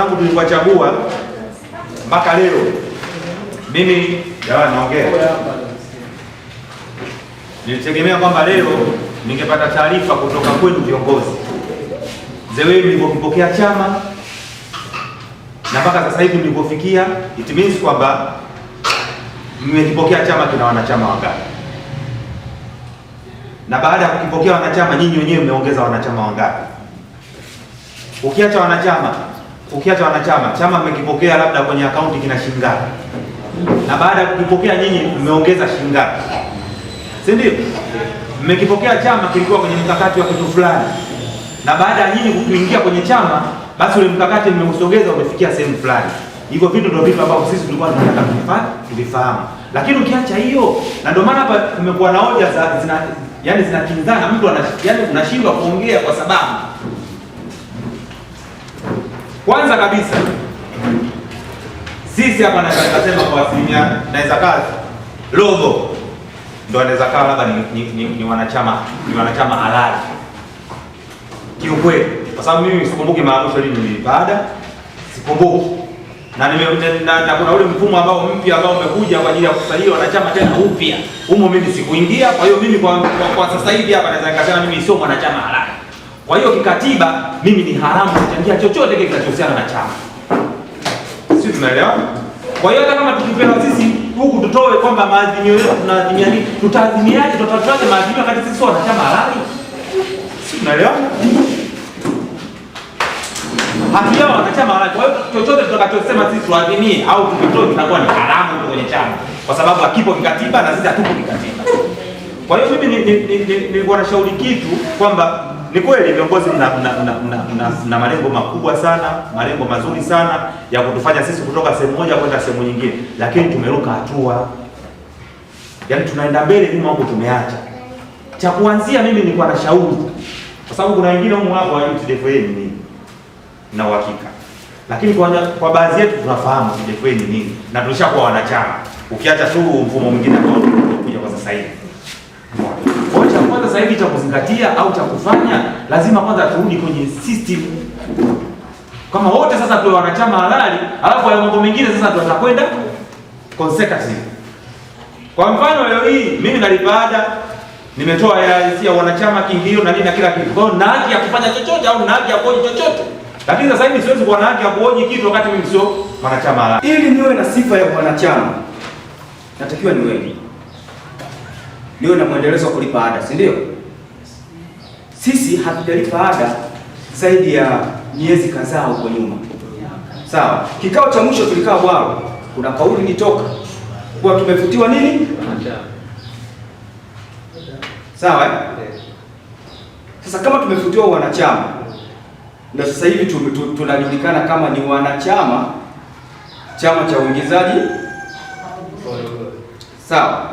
tangu tulipowachagua mpaka leo, mimi jawa naongea, nilitegemea kwamba leo ningepata taarifa kutoka kwenu viongozi, mzee wenu mlivyokipokea chama na mpaka sasa hivi mlivyofikia, it means kwamba mmekipokea chama kina wanachama wangapi, na baada ya kukipokea wanachama, nyinyi wenyewe mmeongeza wanachama wangapi? Ukiacha wanachama ukiacha wanachama, chama mmekipokea labda kwenye akaunti kina shilingi ngapi, na baada ya kukipokea nyinyi mmeongeza shilingi ngapi, si ndio? Mmekipokea chama kilikuwa kwenye mkakati wa kitu fulani, na baada ya nyinyi kuingia kwenye chama, basi ule mkakati mmeusogeza umefikia sehemu fulani. Hivyo vitu ndio vitu ambavyo sisi tulikuwa tunataka tuvifahamu, lakini ukiacha hiyo, na ndio maana hapa kumekuwa na hoja za zina, yani zinakinzana, mtu anashindwa kuongea kwa sababu kwanza kabisa sisi hapa naweza nikasema kwa asilimia naweza kazi logo ndo anaweza kaa labda ni, ni, ni, ni wanachama ni wanachama halali kiukweli, kwa sababu mimi sikumbuki maamsho lini nilibaada, sikumbuki na, na, na kuna ule mfumo ambao mpya ambao umekuja kwa ajili ya kusajili wanachama tena upya, humo mimi sikuingia. Kwa hiyo mimi kwa, kwa, kwa sasa hivi hapa naweza nikasema mimi sio mwanachama halali. Kwa hiyo kikatiba, mimi ni haramu kuchangia chochote kile kinachohusiana na chama, si tunaelewa? Kwa hiyo hata kama tukipewa sisi huku tutoe kwamba maadhimio yetu tunaadhimia nini, tutaadhimiaje? Tutatoaje maadhimio wakati sisi wana chama halali? Si tunaelewa? wana chama halali. Kwa hiyo chochote tutakachosema sisi tuadhimie au tukitoe kitakuwa ni haramu kwenye chama, kwa sababu hakipo kikatiba na sisi hatupo kikatiba. Kwa hiyo mimi ni, ni, ni, ni, ni ni, kitu kwamba ni kweli viongozi mna, mna, mna, mna, mna, mna malengo makubwa sana, malengo mazuri sana ya kutufanya sisi kutoka sehemu moja kwenda sehemu nyingine, lakini tumeruka hatua, yaani tunaenda mbele nyuma huko tumeacha. Cha kuanzia mimi nilikuwa shauri, kwa sababu kuna wengine huko hapo wa TDFA ni nini na uhakika, lakini kwa, kwa baadhi yetu tunafahamu TDFA ni nini na tulishakuwa wanachama, ukiacha tu mfumo mwingine ambao tunakuja kwa sasa hivi kwanza sasa hivi cha kuzingatia au cha kufanya, lazima kwanza turudi kwenye system kama wote sasa tuwe wanachama halali, alafu hayo mambo mengine sasa tutakwenda consecutive. Kwa mfano leo hii mimi nalipa ada, nimetoa hela ya wanachama kingilio na nini na kila kitu, kwa hiyo na haki ya kufanya chochote au na haki ya kuhoji chochote, lakini sasa hivi siwezi kuwa na haki ya kuhoji kitu wakati mimi sio mwanachama halali. Ili niwe na sifa ya mwanachama, natakiwa niwe ndio na mwendelezo wa kulipa ada, si ndio? Sisi hatujalipa ada zaidi ya miezi kadhaa huko nyuma, sawa. Kikao cha mwisho tulikaa bwao, kuna kauli nitoka kuwa tumefutiwa nini, sawa eh? Sasa kama tumefutiwa wanachama na sasa hivi tunajulikana kama ni wanachama chama cha uingizaji sawa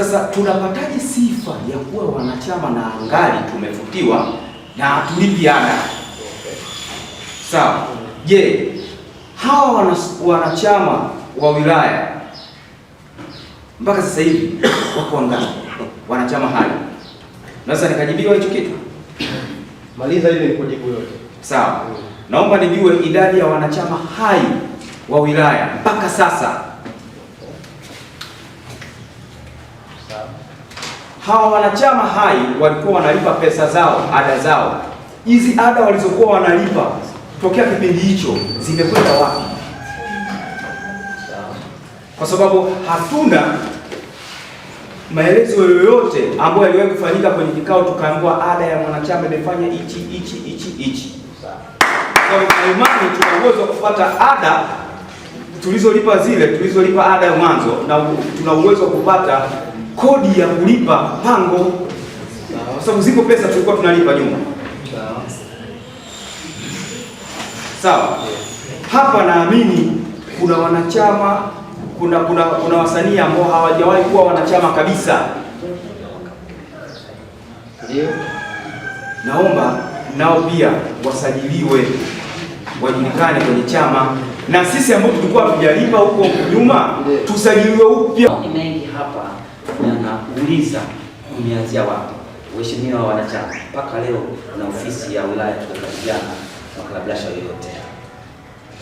sasa tunapataje sifa ya kuwa wanachama na angali tumefutiwa na hatulipi ada? Sawa. Je, hawa wanachama wa wilaya mpaka sasa hivi wako wangapi wanachama hali? Naweza nikajibiwa hicho kitu? Maliza ile kujibu yote. Sawa. Naomba nijue idadi ya wanachama hai wa wilaya mpaka sasa. hawa wanachama hai walikuwa wanalipa pesa zao, ada zao. Hizi ada walizokuwa wanalipa tokea kipindi hicho zimekwenda wapi? Kwa sababu hatuna maelezo yoyote ambayo yaliwahi kufanyika kwenye kikao tukaambiwa ada ya mwanachama imefanya hichi hichi hichi hichi. Kwa imani tuna uwezo wa kupata ada tulizolipa zile tulizolipa ada ya mwanzo, na tuna uwezo wa kupata kodi ya kulipa pango, kwa sababu ziko pesa tulikuwa tunalipa nyuma. Sawa, hapa naamini kuna wanachama, kuna kuna, kuna wasanii ambao hawajawahi kuwa wanachama kabisa. Naomba nao pia wasajiliwe wajulikane kwenye chama na sisi ambao tulikuwa tujalipa huko nyuma tusajiliwe upya. Mengi hapa Nakuuliza umeanzia wapi? Waheshimiwa wanachama, mpaka leo na ofisi ya wilaya tukakabiliana na makarablasha yoyote,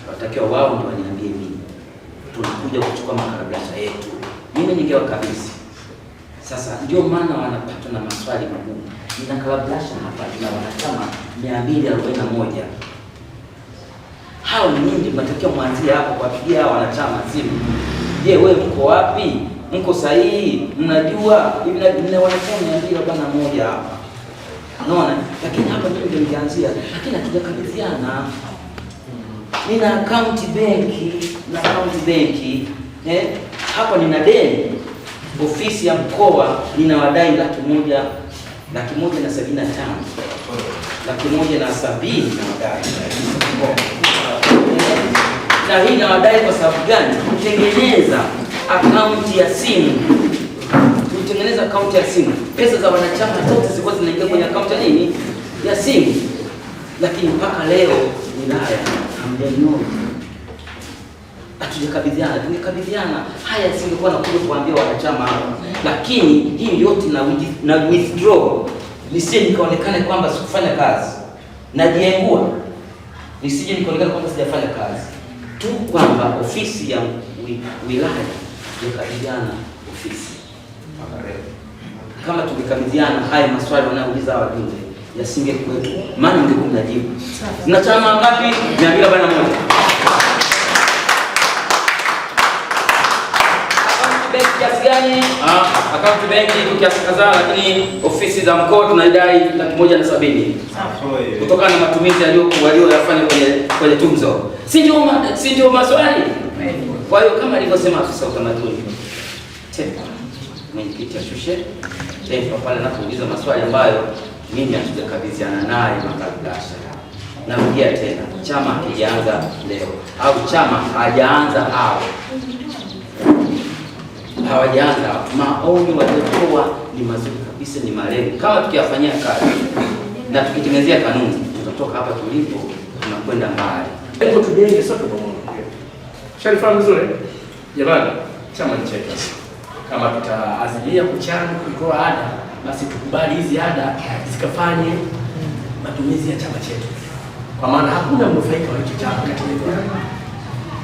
watakiwa wao ndio waniambie mimi, tunakuja kuchukua makarablasha yetu. Mimi ningewakabidhi sasa, ndio maana wanapatwa na maswali magumu. Nina karablasha hapa na wanachama moja hao, ninyi mnatakiwa mwanzie hapo kuwapigia wanachama simu. Je, wewe uko wapi? mko sahihi, mnajua hivi na vile wanataka niambie bwana moja hapa. Unaona? Lakini hapa mimi ndio nilianzia, lakini hatujakabidhiana. Nina account bank, na account bank, Eh, hapa nina deni ofisi ya mkoa nina wadai laki moja laki moja na sabini na tano laki moja na sabini na wadai eh? na hii na wadai kwa sababu gani? kutengeneza akaunti ya simu, tulitengeneza akaunti ya simu. Pesa za wanachama zote zilikuwa zinaingia kwenye akaunti ya nini, ya simu, lakini mpaka leo wilaya hamjaniona, hatujakabidhiana. Tungekabidhiana haya, singekuwa nakuja kuambia wanachama hao, lakini hii yote na withdraw, nisije nikaonekane kwamba sikufanya kazi, najiengua, nisije nikaonekane kwamba sijafanya kazi tu kwamba ofisi ya wilaya Tulikabidhiana ofisi kama tungekabidhiana haya maswali wanayouliza hawa yasinge kwetu maana ungekuwa unajibu. na chama ngapi? mia mbili arobaini na moja akaunti benki kiasi ah, kadhaa, lakini ofisi za mkoa tunaidai laki moja na sabini kutokana na matumizi walioyafanya kwenye tunzo. Si ndio maswali kwa hiyo kama alivyosema afisa utamaduni, tempa mwenyekiti ashushe tempa pale napouliza maswali ambayo mimi hatujakabidhiana naye makarudaasha. Narudia tena, chama hakijaanza leo au chama hajaanza hao hawajaanza. Maoni waliotoa ni mazuri kabisa, ni malengo. Kama tukiyafanyia kazi na tukitengenezea kanuni, tutatoka hapa tulipo tunakwenda mbali. Lengo tujenge sote pamoja. Sharifahamu vizuri jamani, chama ni chetu. Kama tutaazimia kuchanga kutoa ada, basi tukubali hizi ada zikafanye matumizi ya chama chetu, kwa maana hakuna mnufaika wa hicho chama katika hiyo.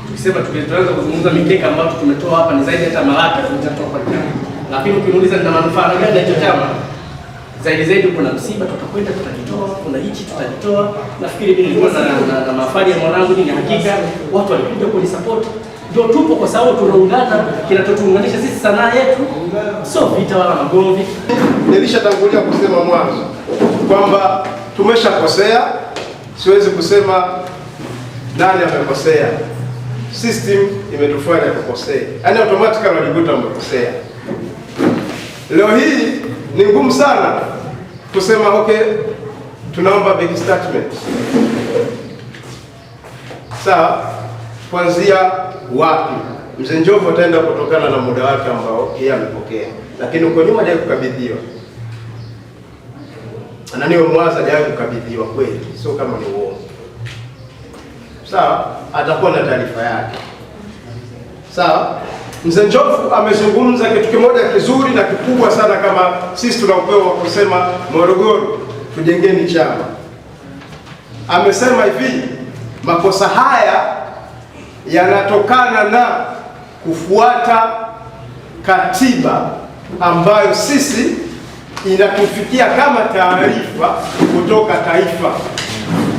Tukisema tukianza kuzungumza mikeka ambayo tumetoa hapa ni zaidi hata malaki tutatoa kwa chama, lakini ukimuuliza nina manufaa gani hicho chama zaidi zaidi, kuna msiba tutakwenda, tutajitoa, kuna hichi tutajitoa. Nafikiri mimi nilikuwa na mafari ya mwanangu, ni hakika watu walikuja support, Ndio tupo kwa sababu tunaungana, kinachotuunganisha sisi sanaa yetu sio vita wala magomvi. Nilishatangulia kusema mwanzo kwamba tumeshakosea, siwezi kusema nani amekosea. System imetufanya kukosea, yaani automatically unajikuta wamekosea leo hii ni ngumu sana kusema okay, tunaomba bank statement sawa, kuanzia wapi? Mzee Njovu ataenda kutokana na muda wake ambao yeye amepokea, lakini uko nyuma hajawahi kukabidhiwa na mwaza hajawahi kukabidhiwa kweli, sio kama ni uongo sawa. Atakuwa na taarifa yake sawa. Mzee Njofu amezungumza kitu kimoja kizuri na kikubwa sana, kama sisi tuna upeo wa kusema Morogoro tujengeni chama. Amesema hivi, makosa haya yanatokana na kufuata katiba ambayo sisi inatufikia kama taarifa kutoka taifa.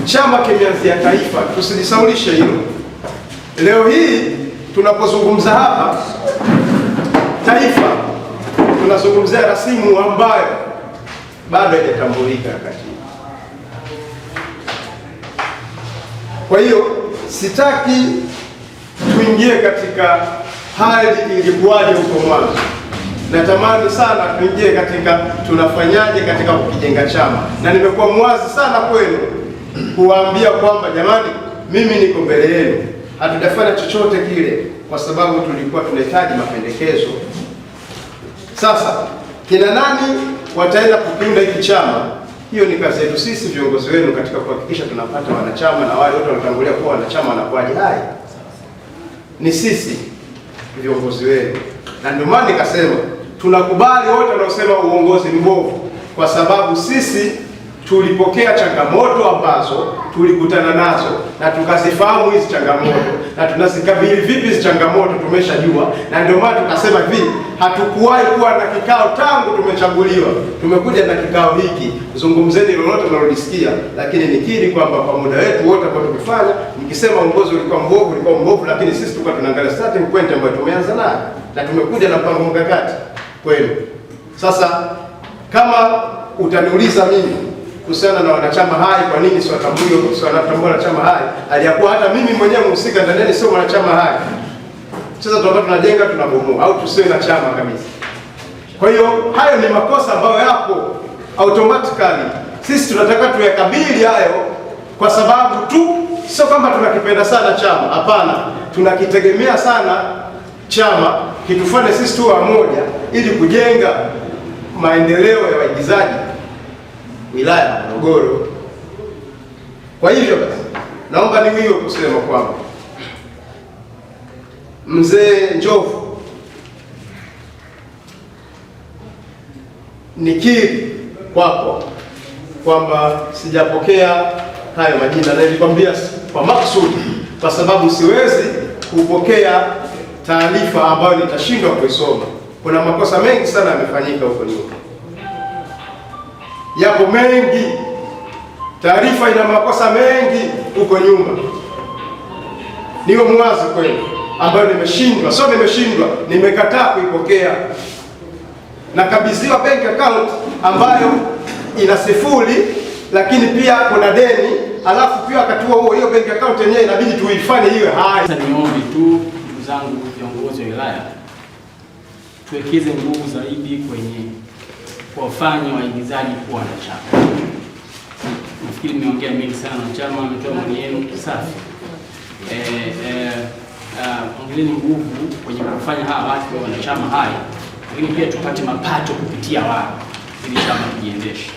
Chama kimeanzia taifa, tusilisaulishe hilo. Leo hii tunapozungumza hapa taifa, tunazungumzia rasimu ambayo bado haijatambulika katiba. Kwa hiyo sitaki tuingie katika hali ilikuwaje huko mwanzo. Natamani sana tuingie katika tunafanyaje katika kukijenga chama, na nimekuwa mwazi sana kwenu kuwaambia kwamba jamani, mimi niko mbele yenu hatujafanya chochote kile kwa sababu tulikuwa tunahitaji mapendekezo. Sasa kina nani wataenda kukiunda hiki chama? Hiyo ni kazi yetu sisi viongozi wenu katika kuhakikisha tunapata wanachama, na wale wote wanatangulia kuwa wanachama wanakuwaje? hai, ni sisi viongozi wenu, na ndio maana nikasema tunakubali wote wanaosema uongozi mbovu, kwa sababu sisi tulipokea changamoto ambazo tulikutana nazo na tukazifahamu hizi changamoto na tunazikabili vipi hizi changamoto tumeshajua, na ndio maana tukasema hivi, hatukuwahi kuwa na kikao tangu tumechaguliwa. Tumekuja na kikao hiki, zungumzeni lolote mnalolisikia, lakini nikiri kwamba kwa muda wetu wote ambao tumefanya, nikisema uongozi ulikuwa mbovu, ulikuwa mbovu, lakini sisi tulikuwa tunaangalia starting point ambayo tumeanza nayo na tumekuja na mpango mkakati kwenu. Sasa kama utaniuliza mimi kuhusiana na wanachama hai, kwa nini siwatambui, siwatambua wanachama hai aliyakuwa hata mimi mwenyewe mhusika ndani sio wanachama hai. Sasa tunakuwa tunajenga tunabomoa, au tusiwe na chama kabisa. Kwa hiyo hayo ni makosa ambayo yapo automatically, sisi tunataka tuyakabili hayo, kwa sababu tu sio kwamba tunakipenda sana chama, hapana, tunakitegemea sana chama kitufanye sisi tu wa moja, ili kujenga maendeleo ya waigizaji wilaya ya Morogoro. Kwa hivyo basi, naomba niwiwe kusema kwamba mzee Njofu, nikiri kwako kwamba sijapokea hayo majina na nilikwambia kwa maksudi, kwa sababu siwezi kupokea taarifa ambayo nitashindwa kuisoma. Kuna makosa mengi sana yamefanyika huko nyuma yapo mengi, taarifa ina makosa mengi huko nyuma. Niwe mwazi kwenu, ambayo nimeshindwa, sio nimeshindwa, nimekataa kuipokea. Nakabidhiwa bank account ambayo ina sifuri, lakini pia kuna deni, alafu pia wakati huo huo hiyo bank account yenyewe inabidi tuifanye hiyo hai. Ni niombe tu ndugu zangu viongozi wa wilaya tuwekeze nguvu zaidi kwenye kuwafanya waigizaji kuwa na chama. Nafikiri nimeongea mengi sana na chama, ametoa maoni yenu safi. Eh, eh, ah, ongeleni nguvu kwenye kufanya hawa watu wa wanachama haya, lakini pia tupate mapato kupitia wao ili chama kijiendeshe.